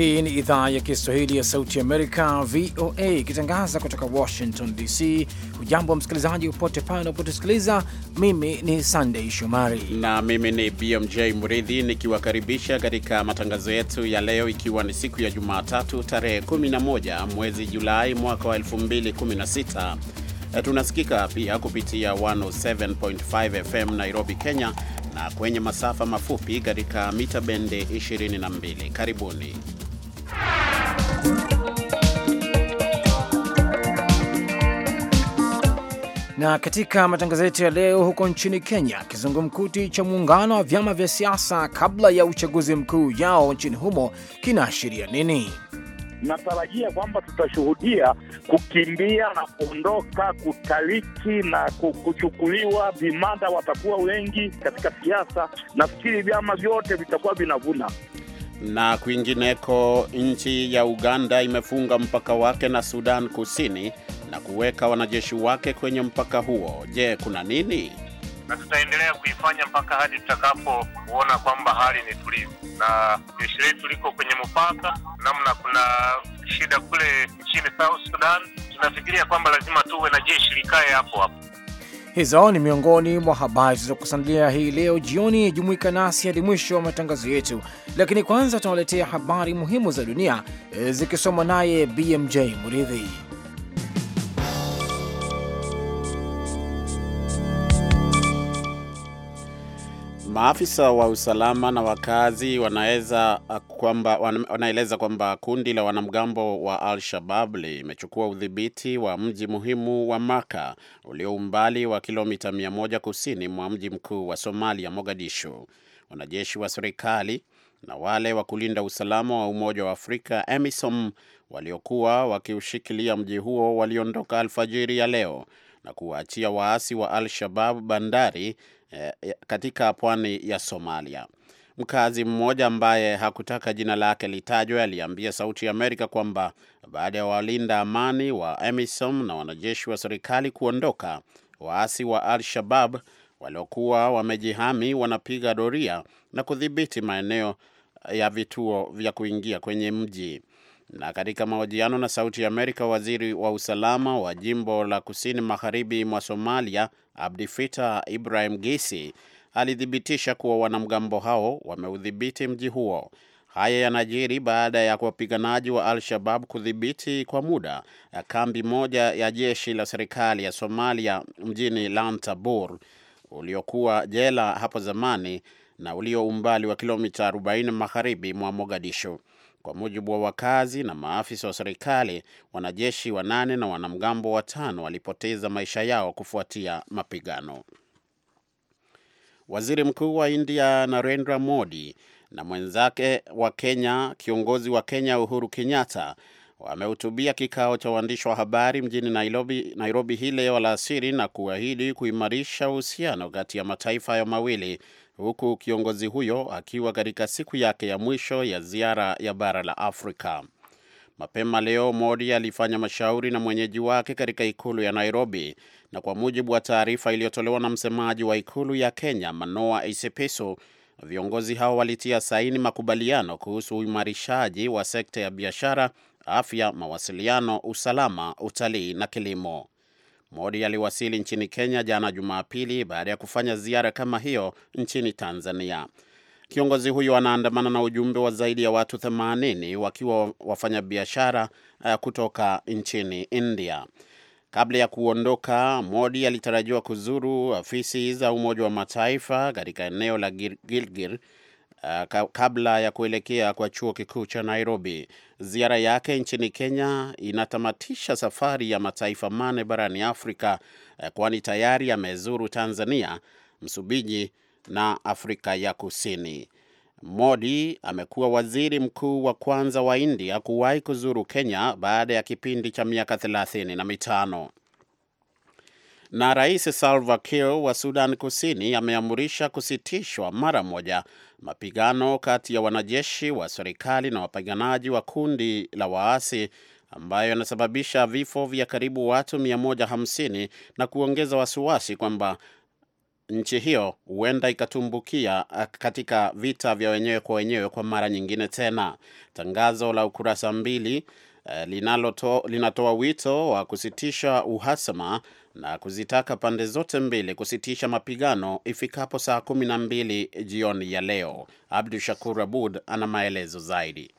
Hii ni idhaa ya Kiswahili ya Sauti Amerika, VOA, ikitangaza kutoka Washington DC. Hujambo msikilizaji, popote pale unapotusikiliza. Mimi ni Sandei Shomari na mimi ni BMJ Mridhi, nikiwakaribisha katika matangazo yetu ya leo, ikiwa ni siku ya Jumatatu tarehe 11 mwezi Julai mwaka wa 2016. Eh, tunasikika pia kupitia 107.5 FM Nairobi, Kenya, na kwenye masafa mafupi katika mita bende 22. Karibuni. Na katika matangazo yetu ya leo, huko nchini Kenya, kizungumkuti cha muungano wa vyama vya siasa kabla ya uchaguzi mkuu ujao nchini humo kinaashiria nini? Natarajia kwamba tutashuhudia kukimbia na kuondoka, kutaliki na kuchukuliwa vimada, watakuwa wengi katika siasa. Nafikiri vyama vyote vitakuwa vinavuna na kwingineko, nchi ya Uganda imefunga mpaka wake na Sudan Kusini na kuweka wanajeshi wake kwenye mpaka huo. Je, kuna nini? na tutaendelea kuifanya mpaka hadi tutakapoona kwamba hali ni tulivu, na jeshi letu liko kwenye mpaka. Namna kuna shida kule nchini South Sudan, tunafikiria kwamba lazima tuwe na jeshi likae hapo hapo. Hizo ni miongoni mwa habari zilizokusandalia hii leo jioni. Jumuika nasi hadi mwisho wa matangazo yetu, lakini kwanza tunawaletea habari muhimu za dunia eh, zikisomwa naye BMJ Muridhi. Maafisa wa usalama na wakazi wanaweza ah, kwamba wanaeleza kwamba kundi la wanamgambo wa Al-Shabab limechukua udhibiti wa mji muhimu wa Maka ulio umbali wa kilomita 100 kusini mwa mji mkuu wa Somalia, Mogadishu. Wanajeshi wa serikali na wale wa kulinda usalama wa Umoja wa Afrika EMISOM waliokuwa wakiushikilia mji huo waliondoka alfajiri ya leo na kuwaachia waasi wa Al-Shabab bandari Eh, katika pwani ya Somalia. Mkazi mmoja ambaye hakutaka jina lake litajwe aliambia Sauti ya Amerika kwamba baada ya walinda amani wa AMISOM na wanajeshi wa serikali kuondoka, waasi wa Al-Shabab waliokuwa wamejihami wanapiga doria na kudhibiti maeneo ya vituo vya kuingia kwenye mji. Na katika mahojiano na Sauti ya Amerika, waziri wa usalama wa jimbo la kusini magharibi mwa Somalia Abdi Fita Ibrahim Gisi alithibitisha kuwa wanamgambo hao wameudhibiti mji huo. Haya yanajiri baada ya wapiganaji wa Al-Shabab kudhibiti kwa muda kambi moja ya jeshi la serikali ya Somalia mjini Lantabur uliokuwa jela hapo zamani na ulio umbali wa kilomita 40 magharibi mwa Mogadishu. Kwa mujibu wa wakazi na maafisa wa serikali, wanajeshi wanane na wanamgambo watano walipoteza maisha yao kufuatia mapigano. Waziri Mkuu wa India Narendra Modi na mwenzake wa Kenya, kiongozi wa Kenya Uhuru Kenyatta wamehutubia kikao cha waandishi wa habari mjini Nairobi, Nairobi hii leo alasiri na kuahidi kuimarisha uhusiano kati ya mataifa hayo mawili huku kiongozi huyo akiwa katika siku yake ya mwisho ya ziara ya bara la Afrika. Mapema leo Modi alifanya mashauri na mwenyeji wake katika ikulu ya Nairobi, na kwa mujibu wa taarifa iliyotolewa na msemaji wa ikulu ya Kenya Manoa Esipisu, viongozi hao walitia saini makubaliano kuhusu uimarishaji wa sekta ya biashara, afya, mawasiliano, usalama, utalii na kilimo. Modi aliwasili nchini Kenya jana Jumapili baada ya kufanya ziara kama hiyo nchini Tanzania. Kiongozi huyo anaandamana na ujumbe wa zaidi ya watu 80 wakiwa wafanyabiashara eh, kutoka nchini India. Kabla ya kuondoka, Modi alitarajiwa kuzuru afisi za Umoja wa Mataifa katika eneo la Gilgil uh, kabla ya kuelekea kwa chuo kikuu cha Nairobi. Ziara yake nchini Kenya inatamatisha safari ya mataifa mane barani Afrika uh, kwani tayari amezuru Tanzania, Msumbiji na Afrika ya Kusini. Modi amekuwa waziri mkuu wa kwanza wa India kuwahi kuzuru Kenya baada ya kipindi cha miaka thelathini na mitano na Rais Salva Kiir wa Sudan Kusini ameamurisha kusitishwa mara moja mapigano kati ya wanajeshi wa serikali na wapiganaji wa kundi la waasi ambayo yanasababisha vifo vya karibu watu 150 na kuongeza wasiwasi kwamba nchi hiyo huenda ikatumbukia ah, katika vita vya wenyewe kwa wenyewe kwa mara nyingine tena. Tangazo la ukurasa mbili eh, linatoa wito wa kusitisha uhasama na kuzitaka pande zote mbili kusitisha mapigano ifikapo saa kumi na mbili jioni ya leo. Abdu Shakur Abud ana maelezo zaidi.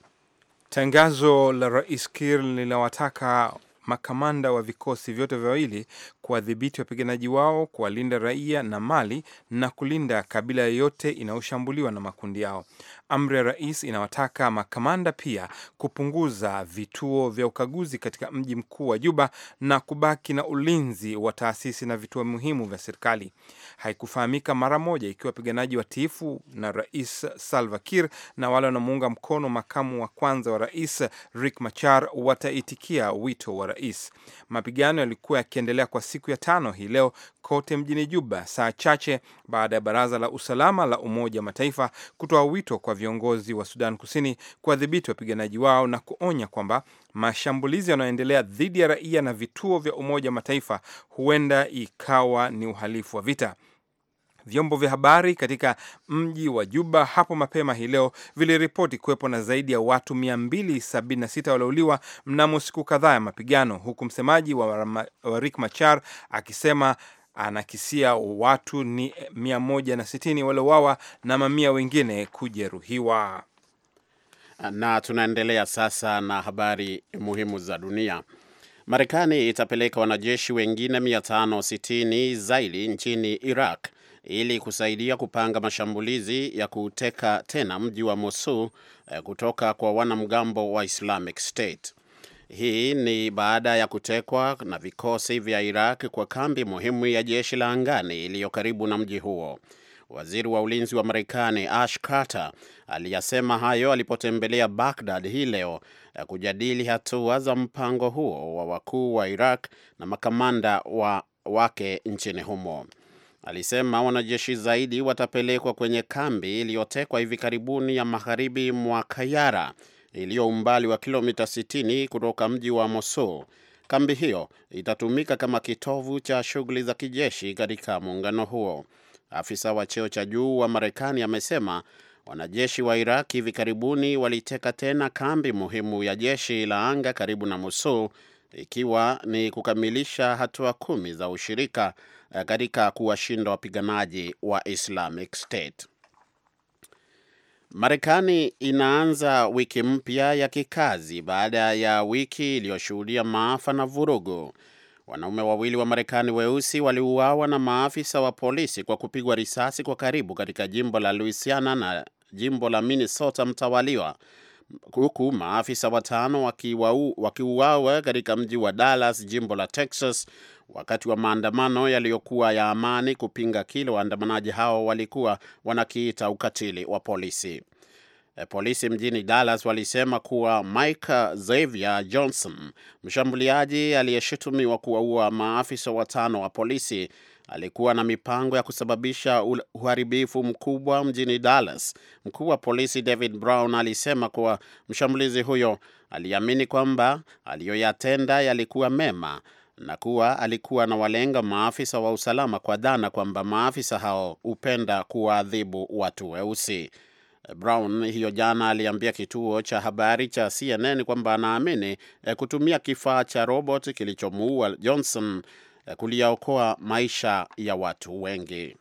Tangazo la Rais Kir linawataka makamanda wa vikosi vyote viwili kuwadhibiti wapiganaji wao, kuwalinda raia na mali na kulinda kabila yoyote inayoshambuliwa na makundi yao. Amri ya rais inawataka makamanda pia kupunguza vituo vya ukaguzi katika mji mkuu wa Juba na kubaki na ulinzi wa taasisi na vituo muhimu vya serikali. Haikufahamika mara moja ikiwa wapiganaji watiifu na rais Salva Kiir na wale wanamuunga mkono makamu wa kwanza wa rais Riek Machar wataitikia wito wa rais. Mapigano yalikuwa yakiendelea kwa siku siku ya tano hii leo kote mjini Juba, saa chache baada ya baraza la usalama la Umoja wa Mataifa kutoa wito kwa viongozi wa Sudan Kusini kuwadhibiti wapiganaji wao na kuonya kwamba mashambulizi yanayoendelea dhidi ya raia na vituo vya Umoja wa Mataifa huenda ikawa ni uhalifu wa vita. Vyombo vya habari katika mji wa Juba hapo mapema hii leo viliripoti kuwepo na zaidi ya watu 276 waliouliwa mnamo siku kadhaa ya mapigano, huku msemaji wa Rik Machar akisema anakisia watu ni 160 waliowawa na mamia wengine kujeruhiwa. Na tunaendelea sasa na habari muhimu za dunia. Marekani itapeleka wanajeshi wengine 560 zaidi nchini Iraq ili kusaidia kupanga mashambulizi ya kuteka tena mji wa Mosul eh, kutoka kwa wanamgambo wa Islamic State. Hii ni baada ya kutekwa na vikosi vya Iraq kwa kambi muhimu ya jeshi la angani iliyo karibu na mji huo. Waziri wa ulinzi wa Marekani Ash Carter aliyasema hayo alipotembelea Baghdad hii leo eh, kujadili hatua za mpango huo wa wakuu wa Iraq na makamanda wa wake nchini humo alisema wanajeshi zaidi watapelekwa kwenye kambi iliyotekwa hivi karibuni ya magharibi mwa Kayara iliyo umbali wa kilomita 60 kutoka mji wa Mosul. Kambi hiyo itatumika kama kitovu cha shughuli za kijeshi katika muungano huo. Afisa wa cheo cha juu wa Marekani amesema wanajeshi wa Iraq hivi karibuni waliteka tena kambi muhimu ya jeshi la anga karibu na Mosul ikiwa ni kukamilisha hatua kumi za ushirika eh, katika kuwashinda wapiganaji wa Islamic State. Marekani inaanza wiki mpya ya kikazi baada ya wiki iliyoshuhudia maafa na vurugu. Wanaume wawili wa Marekani weusi waliuawa na maafisa wa polisi kwa kupigwa risasi kwa karibu katika jimbo la Louisiana na jimbo la Minnesota mtawaliwa huku maafisa watano wakiuawa katika mji wa Dallas, jimbo la Texas, wakati wa maandamano yaliyokuwa ya amani kupinga kile waandamanaji hao walikuwa wanakiita ukatili wa polisi. E, polisi mjini Dallas walisema kuwa Mike Xavier Johnson, mshambuliaji aliyeshutumiwa kuwaua maafisa watano wa polisi, alikuwa na mipango ya kusababisha uharibifu mkubwa mjini Dallas. Mkuu wa polisi David Brown alisema kuwa mshambulizi huyo aliamini kwamba aliyoyatenda yalikuwa mema na kuwa alikuwa anawalenga maafisa wa usalama kwa dhana kwamba maafisa hao hupenda kuwaadhibu watu weusi. Brown hiyo jana aliambia kituo cha habari cha CNN kwamba anaamini eh, kutumia kifaa cha robot kilichomuua Johnson kuliyaokoa maisha ya watu wengi.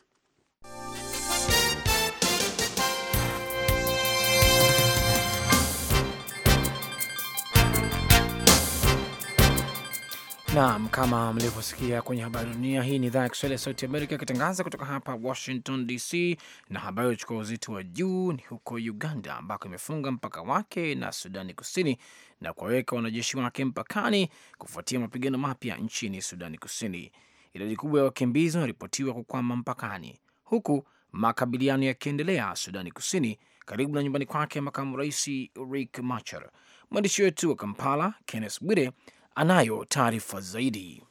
Naam, kama mlivyosikia kwenye habari dunia, hii ni idhaa ya Kiswahili ya Sauti Amerika ikitangaza kutoka hapa Washington DC, na habari huchukua uzito wa juu ni huko Uganda ambako imefunga mpaka wake na Sudani Kusini na kuwaweka wanajeshi wake mpakani kufuatia mapigano mapya nchini Sudani Kusini. Idadi kubwa ya wakimbizi wanaripotiwa kukwama mpakani, huku makabiliano yakiendelea Sudani Kusini, karibu na nyumbani kwake makamu rais rik Machar. Mwandishi wetu wa Kampala Kenneth Bwire anayo taarifa zaidi.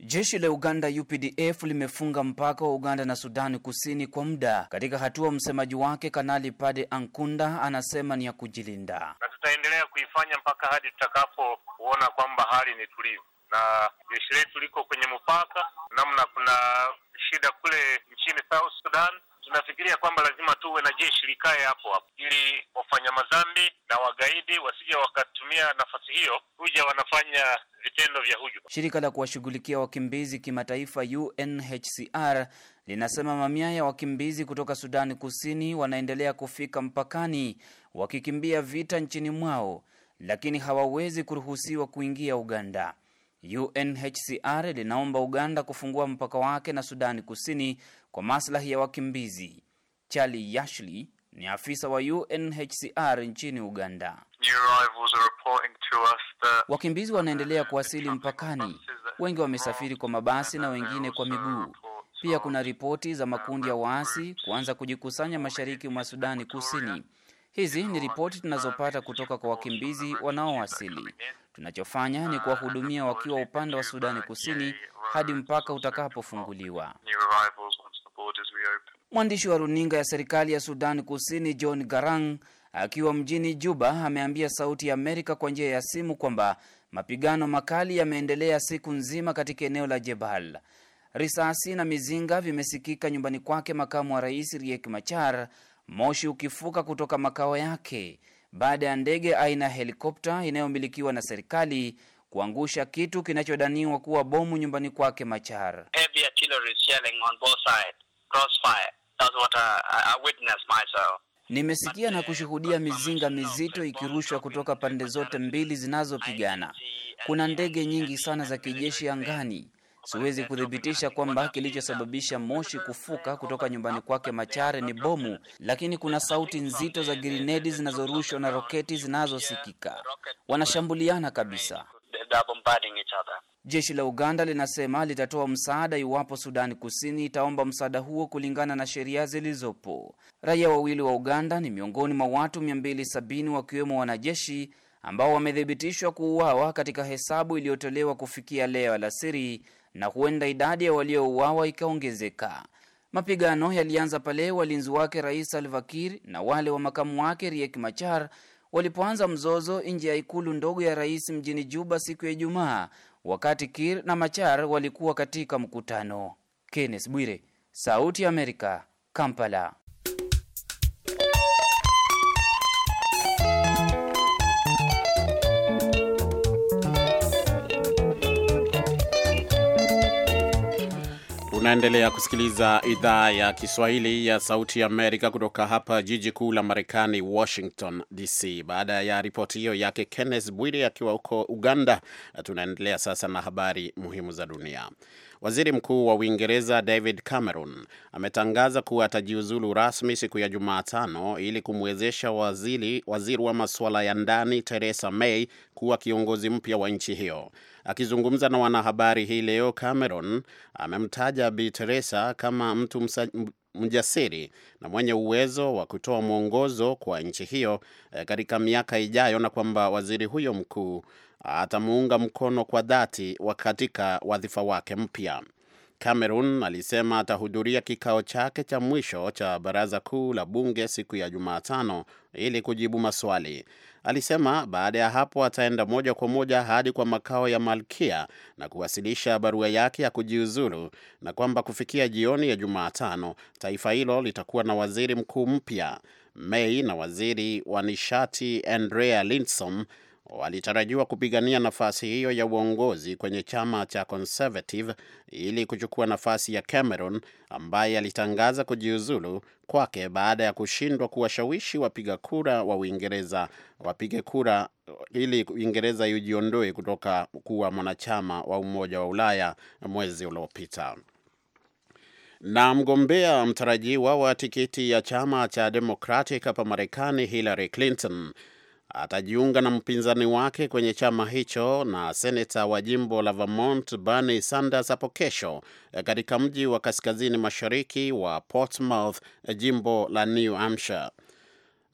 Jeshi la Uganda UPDF limefunga mpaka wa Uganda na Sudani Kusini kwa muda. Katika hatua, msemaji wake Kanali Pade Ankunda anasema ni ya kujilinda, na tutaendelea kuifanya mpaka hadi tutakapoona kwamba hali ni tulivu, na jeshi letu liko kwenye mpaka. Namna kuna shida kule nchini South Sudan tunafikiria kwamba lazima tuwe na jeshi likae hapo hapo, ili wafanya madhambi na wagaidi wasije wakatumia nafasi hiyo kuja wanafanya vitendo vya hujuma. Shirika la kuwashughulikia wakimbizi kimataifa UNHCR linasema mamia ya wakimbizi kutoka Sudani Kusini wanaendelea kufika mpakani wakikimbia vita nchini mwao, lakini hawawezi kuruhusiwa kuingia Uganda. UNHCR linaomba Uganda kufungua mpaka wake na Sudani Kusini kwa maslahi ya wakimbizi. Charlie Yashley ni afisa wa UNHCR nchini Uganda. wakimbizi wanaendelea kuwasili mpakani, wengi wamesafiri kwa mabasi na wengine kwa miguu. Pia kuna ripoti za makundi ya waasi kuanza kujikusanya mashariki mwa Sudani Kusini. Hizi ni ripoti tunazopata kutoka kwa wakimbizi wanaowasili. Tunachofanya ni kuwahudumia wakiwa upande wa Sudani Kusini hadi mpaka utakapofunguliwa. Mwandishi wa runinga ya serikali ya Sudan Kusini John Garang akiwa mjini Juba ameambia Sauti ya Amerika kwa njia ya simu kwamba mapigano makali yameendelea siku nzima katika eneo la Jebal. Risasi na mizinga vimesikika nyumbani kwake makamu wa rais Riek Machar, moshi ukifuka kutoka makao yake baada ya ndege aina ya helikopta inayomilikiwa na serikali kuangusha kitu kinachodaniwa kuwa bomu nyumbani kwake Machar. Nimesikia na kushuhudia mizinga mizito ikirushwa kutoka pande zote mbili zinazopigana. Kuna ndege nyingi sana za kijeshi angani. Siwezi kuthibitisha kwamba kilichosababisha moshi kufuka kutoka nyumbani kwake Machare ni bomu, lakini kuna sauti nzito za grinedi zinazorushwa na roketi zinazosikika. Wanashambuliana kabisa. Jeshi la Uganda linasema litatoa msaada iwapo Sudani Kusini itaomba msaada huo kulingana na sheria zilizopo. Raia wawili wa Uganda ni miongoni mwa watu 270 wakiwemo wanajeshi ambao wamethibitishwa kuuawa katika hesabu iliyotolewa kufikia leo alasiri, na huenda idadi ya waliouawa ikaongezeka. Mapigano yalianza pale walinzi wake Rais alvakir na wale wa makamu wake Riek Machar walipoanza mzozo nje ya ikulu ndogo ya rais mjini Juba siku ya Ijumaa, wakati kir na Machar walikuwa katika mkutano. Kenneth Bwire, Sauti ya Amerika, Kampala. Unaendelea kusikiliza idhaa ya Kiswahili ya Sauti ya Amerika kutoka hapa jiji kuu la Marekani, Washington DC. Baada ya ripoti hiyo yake Kenneth Bwire akiwa huko Uganda, tunaendelea sasa na habari muhimu za dunia. Waziri Mkuu wa Uingereza David Cameron ametangaza kuwa atajiuzulu rasmi siku ya Jumatano ili kumwezesha waziri, waziri wa masuala ya ndani Theresa May kuwa kiongozi mpya wa nchi hiyo. Akizungumza na wanahabari hii leo, Cameron amemtaja Bi Theresa kama mtu msa, mjasiri na mwenye uwezo wa kutoa mwongozo kwa nchi hiyo eh, katika miaka ijayo na kwamba waziri huyo mkuu atamuunga mkono kwa dhati katika wadhifa wake mpya. Cameron alisema atahudhuria kikao chake cha mwisho cha baraza kuu la bunge siku ya Jumatano ili kujibu maswali. Alisema baada ya hapo ataenda moja kwa moja hadi kwa makao ya Malkia na kuwasilisha barua yake ya kujiuzulu na kwamba kufikia jioni ya Jumatano taifa hilo litakuwa na waziri mkuu mpya May na waziri wa nishati Andrea Linsom walitarajiwa kupigania nafasi hiyo ya uongozi kwenye chama cha Conservative ili kuchukua nafasi ya Cameron ambaye alitangaza kujiuzulu kwake baada ya kushindwa kuwashawishi wapiga kura wa Uingereza wapige kura ili Uingereza ijiondoe kutoka kuwa mwanachama wa Umoja wa Ulaya mwezi uliopita. Na mgombea mtarajiwa wa tikiti ya chama cha Democratic hapa Marekani, Hillary Clinton atajiunga na mpinzani wake kwenye chama hicho na seneta wa jimbo la Vermont Bernie Sanders hapo kesho eh, katika mji wa kaskazini mashariki wa Portsmouth, eh, jimbo la New Hampshire.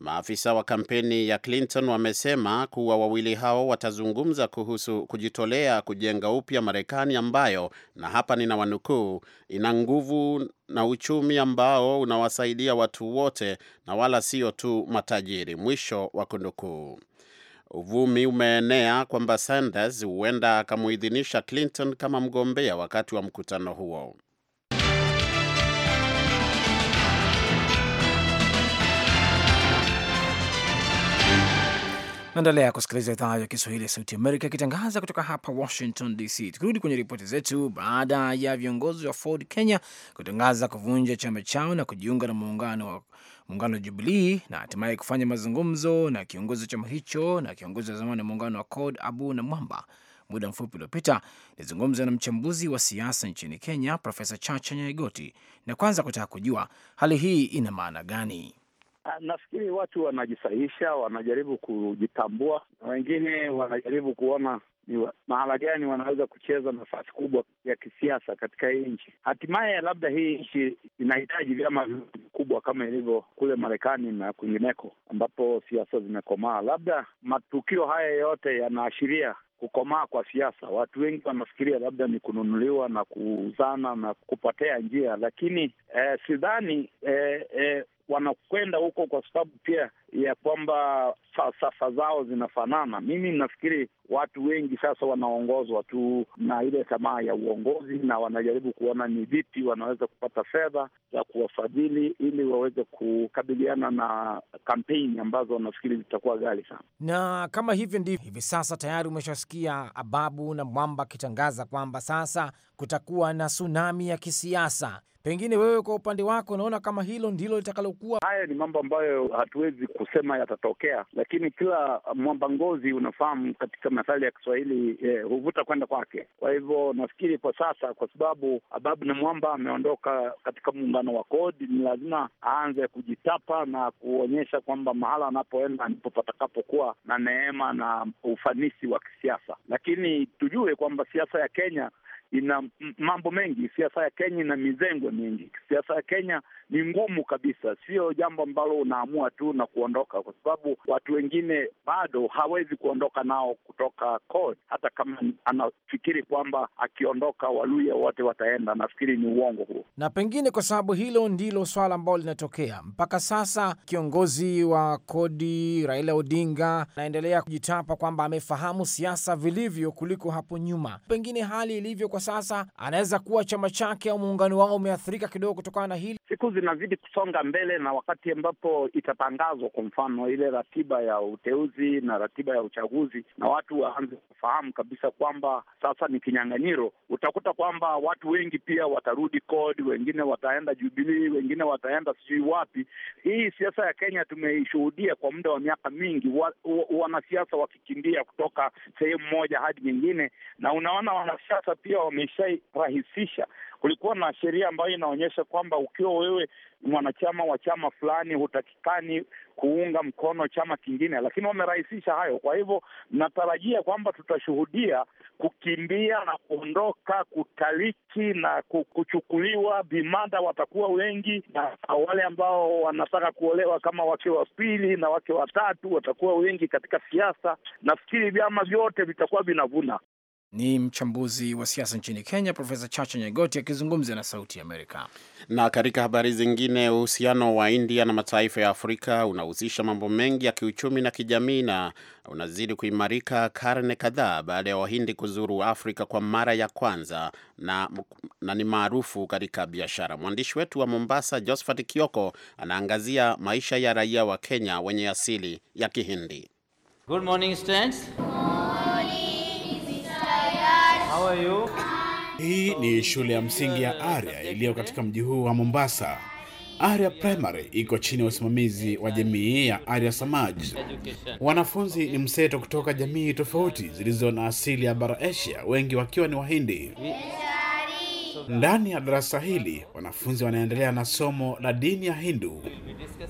Maafisa wa kampeni ya Clinton wamesema kuwa wawili hao watazungumza kuhusu kujitolea kujenga upya Marekani ambayo, na hapa nina wanukuu, ina nguvu na uchumi ambao unawasaidia watu wote na wala sio tu matajiri, mwisho wa kunukuu. Uvumi umeenea kwamba Sanders huenda akamuidhinisha Clinton kama mgombea wakati wa mkutano huo. Naendelea kusikiliza idhaa ya Kiswahili ya Sauti Amerika ikitangaza kutoka hapa Washington DC. Tukirudi kwenye ripoti zetu, baada ya viongozi wa Ford Kenya kutangaza kuvunja chama chao na kujiunga na muungano wa muungano wa Jubilii na hatimaye kufanya mazungumzo na kiongozi wa chama hicho na kiongozi wa zamani wa muungano wa CORD Abu na Mwamba, muda mfupi uliopita nilizungumza na mchambuzi wa siasa nchini Kenya Profesa Chacha Nyaigoti, na kwanza kutaka kujua hali hii ina maana gani. Ah, nafikiri watu wanajisahisha, wanajaribu kujitambua, na wengine wanajaribu kuona ni mahala gani wanaweza kucheza nafasi kubwa ya kisiasa katika hii nchi. Hatimaye labda hii nchi inahitaji vyama vikubwa kama ilivyo kule Marekani na kwingineko, ambapo siasa zimekomaa. Labda matukio haya yote yanaashiria kukomaa kwa siasa. Watu wengi wanafikiria labda ni kununuliwa na kuuzana na kupotea njia, lakini eh, sidhani eh, eh, wanakwenda huko kwa sababu pia ya kwamba falsafa zao zinafanana. Mimi nafikiri watu wengi sasa wanaongozwa tu na ile tamaa ya uongozi, na wanajaribu kuona ni vipi wanaweza kupata fedha za kuwafadhili ili waweze kukabiliana na kampeni ambazo nafikiri zitakuwa ghali sana. Na kama hivyo ndivyo hivi sasa, tayari umeshasikia Ababu na Mwamba akitangaza kwamba sasa kutakuwa na tsunami ya kisiasa. Pengine wewe kwa upande wako unaona kama hilo ndilo litakalokuwa? Haya ni mambo ambayo hatuwezi kusema yatatokea, lakini kila mwamba ngozi, unafahamu katika methali ya Kiswahili eh, huvuta kwenda kwake. Kwa hivyo nafikiri kwa sasa, kwa sababu Ababu na Mwamba ameondoka katika muungano wa kodi, ni lazima aanze kujitapa na kuonyesha kwamba mahala anapoenda ndipo patakapokuwa na neema na ufanisi wa kisiasa, lakini tujue kwamba siasa ya Kenya ina mambo mengi. Siasa ya Kenya ina mizengo mingi. Siasa ya Kenya ni ngumu kabisa, sio jambo ambalo unaamua tu na kuondoka, kwa sababu watu wengine bado hawezi kuondoka nao kutoka CORD, hata kama anafikiri kwamba akiondoka Waluya wote wataenda. Nafikiri ni uongo huo, na pengine kwa sababu hilo ndilo swala ambalo linatokea mpaka sasa. Kiongozi wa kodi Raila Odinga anaendelea kujitapa kwamba amefahamu siasa vilivyo kuliko hapo nyuma. Pengine hali ilivyo kwa sasa, anaweza kuwa chama chake au muungano wao umeathirika kidogo kutokana na hili. Siku zinazidi kusonga mbele, na wakati ambapo itatangazwa, kwa mfano, ile ratiba ya uteuzi na ratiba ya uchaguzi, na watu waanze kufahamu kabisa kwamba sasa ni kinyang'anyiro, utakuta kwamba watu wengi pia watarudi kodi wengine wataenda jubilii wengine wataenda sijui wapi. Hii siasa ya Kenya tumeishuhudia kwa muda wa miaka mingi, wanasiasa wa, wa wakikimbia kutoka sehemu moja hadi nyingine, na unaona wanasiasa pia wameshairahisisha kulikuwa na sheria ambayo inaonyesha kwamba ukiwa wewe mwanachama wa chama fulani hutakikani kuunga mkono chama kingine, lakini wamerahisisha hayo. Kwa hivyo natarajia kwamba tutashuhudia kukimbia na kuondoka, kutaliki na kuchukuliwa vimada, watakuwa wengi, na wale ambao wanataka kuolewa kama wake wa pili na wake watatu watakuwa wengi katika siasa. Nafikiri vyama vyote vitakuwa vinavuna. Ni mchambuzi wa siasa nchini Kenya, Profesa Chacha Nyegoti akizungumza na Sauti Amerika. Na katika habari zingine, uhusiano wa India na mataifa ya Afrika unahusisha mambo mengi ya kiuchumi na kijamii na unazidi kuimarika karne kadhaa baada ya Wahindi kuzuru Afrika kwa mara ya kwanza na, na ni maarufu katika biashara. Mwandishi wetu wa Mombasa, Josphat Kioko, anaangazia maisha ya raia wa Kenya wenye asili ya Kihindi. Good morning, How are you? Hii ni shule ya msingi ya Arya iliyo katika mji huu wa Mombasa. Arya Primary iko chini ya usimamizi wa jamii ya Arya Samaj. Wanafunzi ni mseto kutoka jamii tofauti zilizo na asili ya bara Asia, wengi wakiwa ni Wahindi. Ndani ya darasa hili wanafunzi wanaendelea na somo la dini ya Hindu.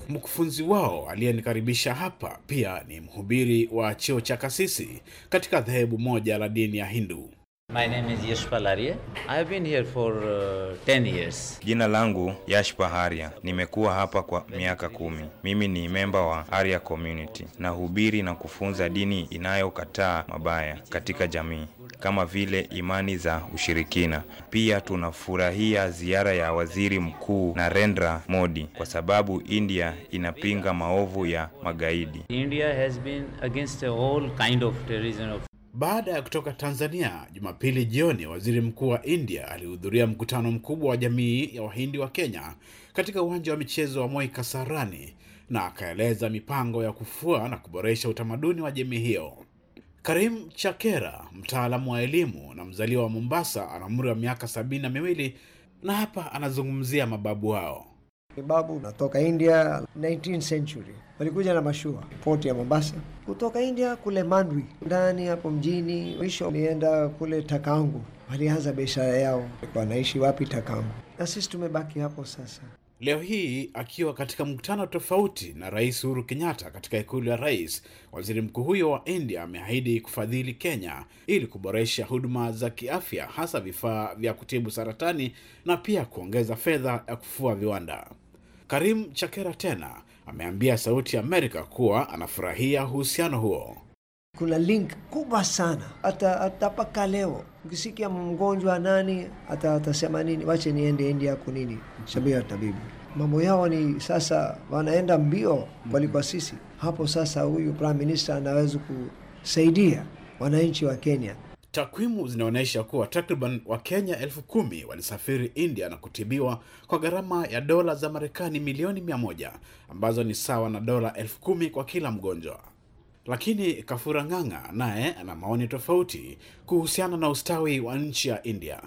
Mkufunzi wao aliyenikaribisha hapa pia ni mhubiri wa cheo cha kasisi katika dhehebu moja la dini ya Hindu. My name is Yash Palaria. I've been here for uh, 10 years. Jina langu yashpa Haria. Nimekuwa hapa kwa miaka kumi. Mimi ni memba wa Haria Community. Nahubiri na kufunza dini inayokataa mabaya katika jamii kama vile imani za ushirikina. Pia tunafurahia ziara ya Waziri Mkuu Narendra Modi kwa sababu India inapinga maovu ya magaidi. India has been against all kind of terrorism of baada ya kutoka Tanzania Jumapili jioni, waziri mkuu wa India alihudhuria mkutano mkubwa wa jamii ya Wahindi wa Kenya katika uwanja wa michezo wa Moi Kasarani na akaeleza mipango ya kufua na kuboresha utamaduni wa jamii hiyo. Karim Chakera, mtaalamu wa elimu na mzaliwa wa Mombasa, ana umri wa miaka sabini na miwili na hapa anazungumzia mababu wao. Babu natoka India 19 century walikuja na mashua poti ya Mombasa kutoka India kule Mandwi ndani hapo mjini. Mwisho walienda kule Takangu, walianza biashara yao. Wanaishi wapi? Takangu. Na sisi tumebaki hapo sasa. Leo hii akiwa katika mkutano tofauti na Rais Uhuru Kenyatta katika ikulu ya rais, waziri mkuu huyo wa India ameahidi kufadhili Kenya ili kuboresha huduma za kiafya, hasa vifaa vya kutibu saratani na pia kuongeza fedha ya kufua viwanda. Karim Chakera tena ameambia Sauti ya Amerika kuwa anafurahia uhusiano huo. Kuna link kubwa sana hata mpaka leo, ukisikia mgonjwa nani atasema nini, wache niende India kunini shabia tabibu mambo yao ni sasa, wanaenda mbio kwalikwa sisi. Hapo sasa, huyu prime minister anaweza kusaidia wananchi wa Kenya Takwimu zinaonyesha kuwa takriban Wakenya elfu kumi walisafiri India na kutibiwa kwa gharama ya dola za Marekani milioni mia moja ambazo ni sawa na dola elfu kumi kwa kila mgonjwa. Lakini Kafura Ng'ang'a naye ana maoni tofauti kuhusiana na ustawi wa nchi ya India.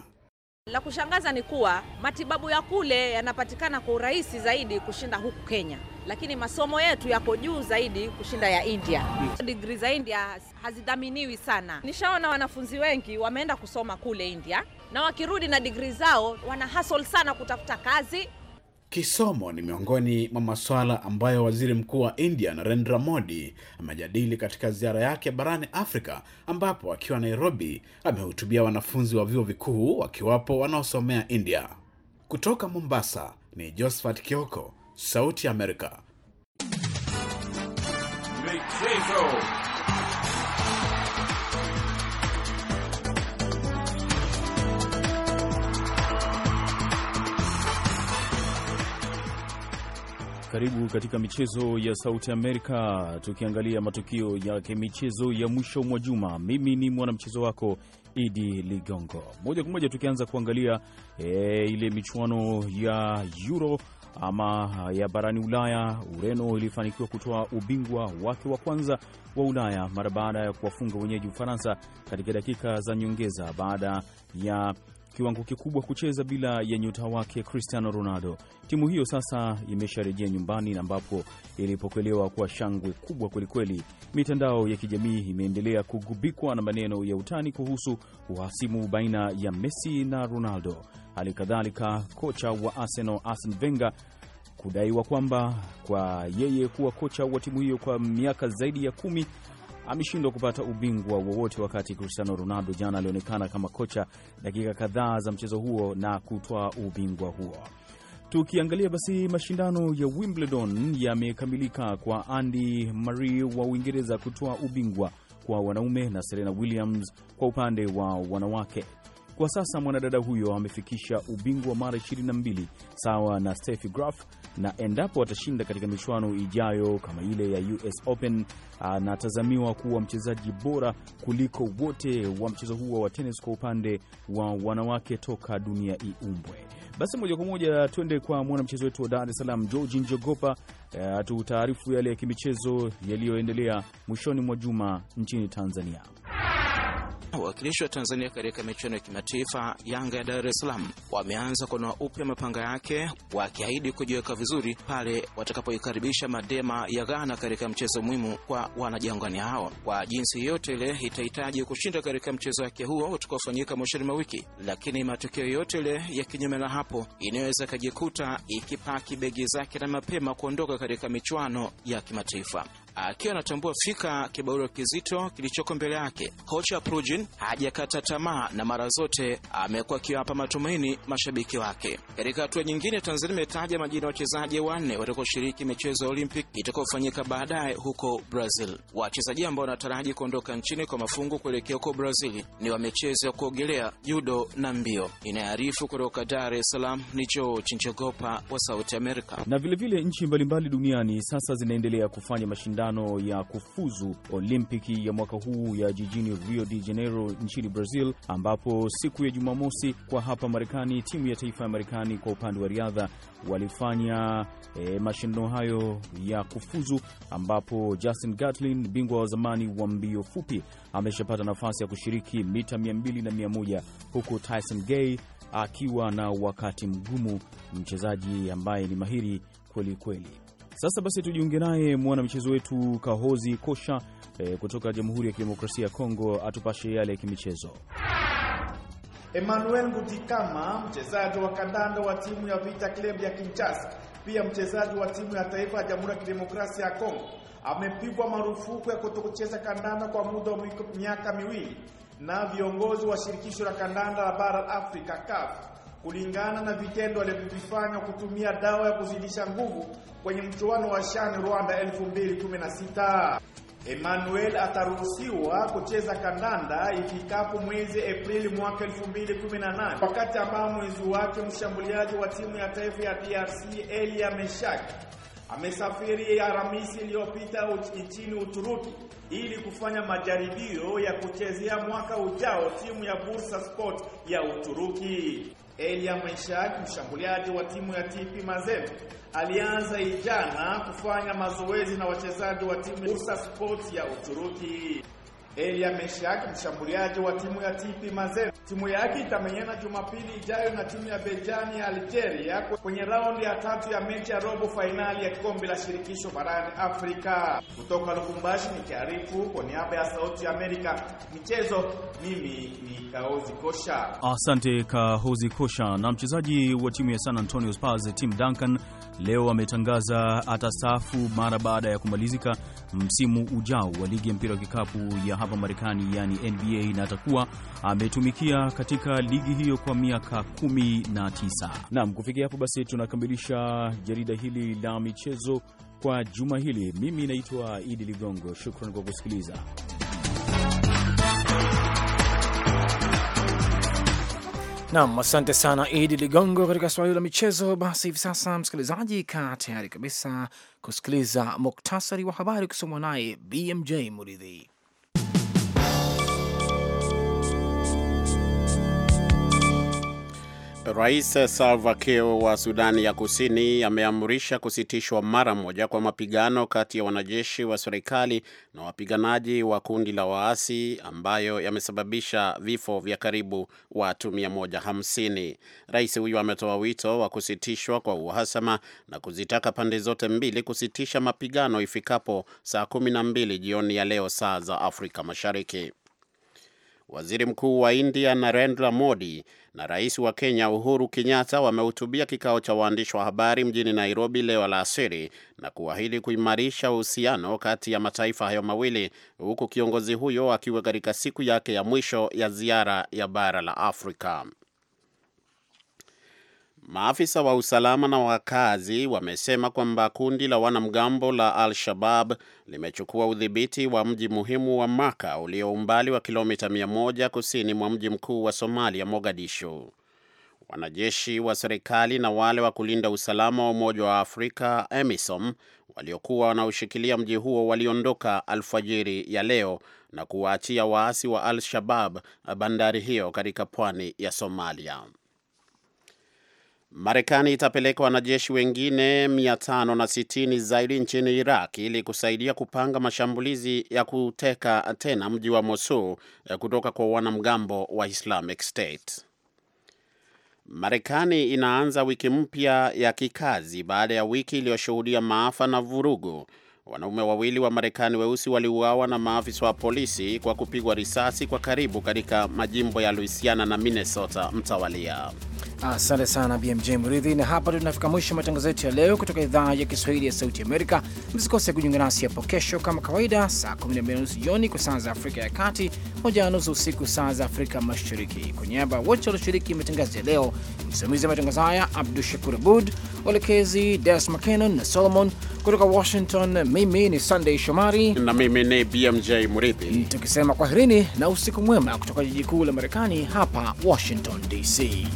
La kushangaza ni kuwa matibabu ya kule yanapatikana kwa urahisi zaidi kushinda huku Kenya, lakini masomo yetu yako juu zaidi kushinda ya India. Digri za India hazidhaminiwi sana. Nishaona wanafunzi wengi wameenda kusoma kule India na wakirudi na digri zao wana hustle sana kutafuta kazi Kisomo ni miongoni mwa masuala ambayo waziri mkuu wa India Narendra Modi amejadili katika ziara yake barani Afrika, ambapo akiwa Nairobi amehutubia wanafunzi wa vyuo vikuu wakiwapo wanaosomea India. Kutoka Mombasa ni Josephat Kioko, Sauti ya Amerika. Michezo. Karibu katika michezo ya Sauti Amerika, tukiangalia matukio ya kimichezo ya mwisho mwa juma. Mimi ni mwanamchezo wako Idi Ligongo. Moja kwa moja tukianza kuangalia e, ile michuano ya Euro ama ya barani Ulaya. Ureno ilifanikiwa kutoa ubingwa wake wa kwanza wa Ulaya mara baada ya kuwafunga wenyeji Ufaransa katika dakika za nyongeza baada ya kiwango kikubwa kucheza bila ya nyota wake Cristiano Ronaldo. Timu hiyo sasa imesharejea nyumbani ambapo ilipokelewa kwa shangwe kubwa kwelikweli. Mitandao ya kijamii imeendelea kugubikwa na maneno ya utani kuhusu uhasimu baina ya Messi na Ronaldo. Hali kadhalika kocha wa Arsenal Arsene Wenger kudaiwa kwamba kwa yeye kuwa kocha wa timu hiyo kwa miaka zaidi ya kumi ameshindwa kupata ubingwa wowote, wakati Cristiano Ronaldo jana alionekana kama kocha dakika kadhaa za mchezo huo na kutoa ubingwa huo. Tukiangalia basi mashindano ya Wimbledon yamekamilika kwa Andy Murray wa Uingereza kutoa ubingwa kwa wanaume na Serena Williams kwa upande wa wanawake. Kwa sasa mwanadada huyo amefikisha ubingwa mara 22 sawa na Steffi Graf, na endapo atashinda katika michuano ijayo kama ile ya US Open, anatazamiwa kuwa mchezaji bora kuliko wote wa mchezo huo wa tenis kwa upande wa wanawake toka dunia iumbwe. Basi moja kwa moja twende kwa mwanamchezo wetu wa Dar es Salaam George Njogopa eh, atutaarifu yale ya kimichezo yaliyoendelea mwishoni mwa juma nchini Tanzania. Wawakilishi wa Tanzania katika michuano ya kimataifa, Yanga ya Dar es Salaam wameanza kunoa upya mapanga yake, wakiahidi kujiweka vizuri pale watakapoikaribisha Madema ya Ghana katika mchezo muhimu kwa wanajangwani hao. Kwa jinsi yote ile itahitaji kushinda katika mchezo wake huo utakaofanyika mwishoni mwa wiki, lakini matokeo yote ile ya kinyume na hapo inaweza ikajikuta ikipaki begi zake na mapema kuondoka katika michuano ya kimataifa akiwa anatambua fika kibarua kizito kilichoko mbele yake. Kocha Prujin hajakata tamaa na mara zote amekuwa akiwapa matumaini mashabiki wake. Katika hatua nyingine, Tanzania imetaja majina ya wachezaji wanne watakaoshiriki michezo ya Olympic itakayofanyika baadaye huko Brazil. Wachezaji ambao wanataraji kuondoka nchini kwa mafungu kuelekea huko Brazil ni wa michezo ya kuogelea, judo na mbio. Inaarifu kutoka Dar es Salaam ni George Njogopa wa Sauti Amerika. Na vilevile nchi mbalimbali duniani sasa zinaendelea kufanya mashindano mashindano ya kufuzu Olimpiki ya mwaka huu ya jijini Rio de Janeiro nchini Brazil, ambapo siku ya Jumamosi kwa hapa Marekani timu ya taifa ya Marekani kwa upande wa riadha walifanya e, mashindano hayo ya kufuzu, ambapo Justin Gatlin bingwa wa zamani wa mbio fupi ameshapata nafasi ya kushiriki mita 200 na 100 huku Tyson Gay akiwa na wakati mgumu, mchezaji ambaye ni mahiri kwelikweli kweli. Sasa basi tujiunge naye mwanamichezo wetu Kahozi Kosha e, kutoka Jamhuri ya Kidemokrasia ya Kongo atupashe yale ya kimichezo. Emmanuel Mutikama, mchezaji wa kandanda wa timu ya Vita Club ya Kinshasa, pia mchezaji wa timu ya taifa ya Jamhuri ya Kidemokrasia ya Kongo, amepigwa marufuku ya kutokucheza kandanda kwa muda wa miaka miwili na viongozi wa shirikisho la kandanda la bara Afrika CAF kulingana na vitendo alivyovifanya kutumia dawa ya kuzidisha nguvu kwenye mchuano wa Shani Rwanda 2016. Emmanuel ataruhusiwa kucheza kandanda ifikapo mwezi Aprili mwaka 2018, wakati ambao mwenzi wake mshambuliaji wa timu ya taifa ya DRC Elia meshak amesafiri aramisi iliyopita nchini Uturuki ili kufanya majaribio ya kuchezea mwaka ujao timu ya Bursa Sport ya Uturuki. Elia Mwaishaji, mshambuliaji wa timu ya TP Mazembe, alianza ijana kufanya mazoezi na wachezaji wa timu Bursa Sport ya Uturuki. Elia Meshaki, mshambuliaji wa timu ya TP Mazembe. Timu yake itamenyana Jumapili ijayo na timu ya Bejani ya Algeria kwenye raundi ya tatu ya mechi ya robo fainali ya kombe la shirikisho barani Afrika. Kutoka Lubumbashi nikiarifu kwa niaba ya Sauti ya Amerika michezo, mimi ni Kaozi Kosha. Asante Kaozi Kosha. Na mchezaji wa timu ya San Antonio Spurs Tim Duncan leo ametangaza atastaafu mara baada ya kumalizika msimu ujao wa ligi ya mpira wa kikapu ya hapa Marekani, yani NBA, na atakuwa ametumikia katika ligi hiyo kwa miaka 19. Naam, kufikia hapo basi tunakamilisha jarida hili la michezo kwa juma hili. Mimi naitwa Idi Ligongo, shukran kwa kusikiliza. Nam, asante sana Idi Ligongo katika swali la michezo. Basi hivi sasa, msikilizaji, kaa tayari kabisa kusikiliza muktasari wa habari kusomwa naye BMJ Muridhi. Rais Salva Kiir wa Sudani ya Kusini ameamrisha kusitishwa mara moja kwa mapigano kati ya wanajeshi wa serikali na wapiganaji wa kundi la waasi ambayo yamesababisha vifo vya karibu watu 150. Rais huyu ametoa wito wa kusitishwa kwa uhasama na kuzitaka pande zote mbili kusitisha mapigano ifikapo saa 12 jioni ya leo saa za Afrika Mashariki waziri mkuu wa India Narendra Modi na rais wa Kenya Uhuru Kenyatta wamehutubia kikao cha waandishi wa habari mjini Nairobi leo alasiri na kuahidi kuimarisha uhusiano kati ya mataifa hayo mawili, huku kiongozi huyo akiwa katika siku yake ya mwisho ya ziara ya bara la Afrika. Maafisa wa usalama na wakazi wamesema kwamba kundi la wanamgambo la Al-Shabab limechukua udhibiti wa mji muhimu wa Maka ulio umbali wa kilomita 100 kusini mwa mji mkuu wa Somalia, Mogadishu. Wanajeshi wa serikali na wale wa kulinda usalama wa Umoja wa Afrika EMISOM waliokuwa wanaoshikilia mji huo waliondoka alfajiri ya leo na kuwaachia waasi wa Al-Shabab bandari hiyo katika pwani ya Somalia. Marekani itapeleka wanajeshi wengine 560 zaidi nchini Iraq ili kusaidia kupanga mashambulizi ya kuteka tena mji wa Mosul eh, kutoka kwa wanamgambo wa Islamic State. Marekani inaanza wiki mpya ya kikazi baada ya wiki iliyoshuhudia maafa na vurugu wanaume wawili wa Marekani weusi waliuawa na maafisa wa polisi kwa kupigwa risasi kwa karibu katika majimbo ya Louisiana na Minnesota mtawalia. Asante sana BMJ Mridhi, na hapa tunafika mwisho matangazo yetu ya leo kutoka idhaa ya Kiswahili ya Sauti Amerika. Msikose kujiunga nasi hapo kesho kama kawaida, saa 12:30 jioni kwa saa za Afrika ya Kati, nusu usiku saa za Afrika Mashariki. Kwa niaba ya wote walioshiriki matangazo ya leo, msimamizi wa matangazo haya Abdu Shakur Abud, mwelekezi Des McCanon na Solomon kutoka Washington. Mimi ni Sunday Shomari na mimi ni BMJ Murithi, tukisema kwaherini na usiku mwema kutoka jiji kuu la Marekani, hapa Washington DC.